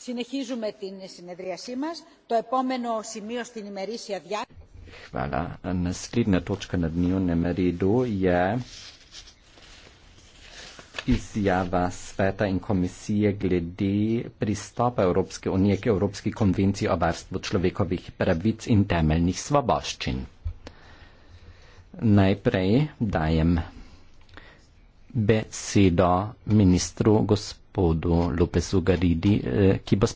Συνεχίζουμε την συνεδρίασή μας. Το επόμενο σημείο στην ημερήσια διάρκεια... Izjava sveta in komisije glede pristopa Evropske unije k Evropski konvenciji o varstvu človekovih pravic in temeljnih svoboščin. Najprej dajem besedo ministru gospodinu gospodu Lopesu Garidi, eh, ki bo s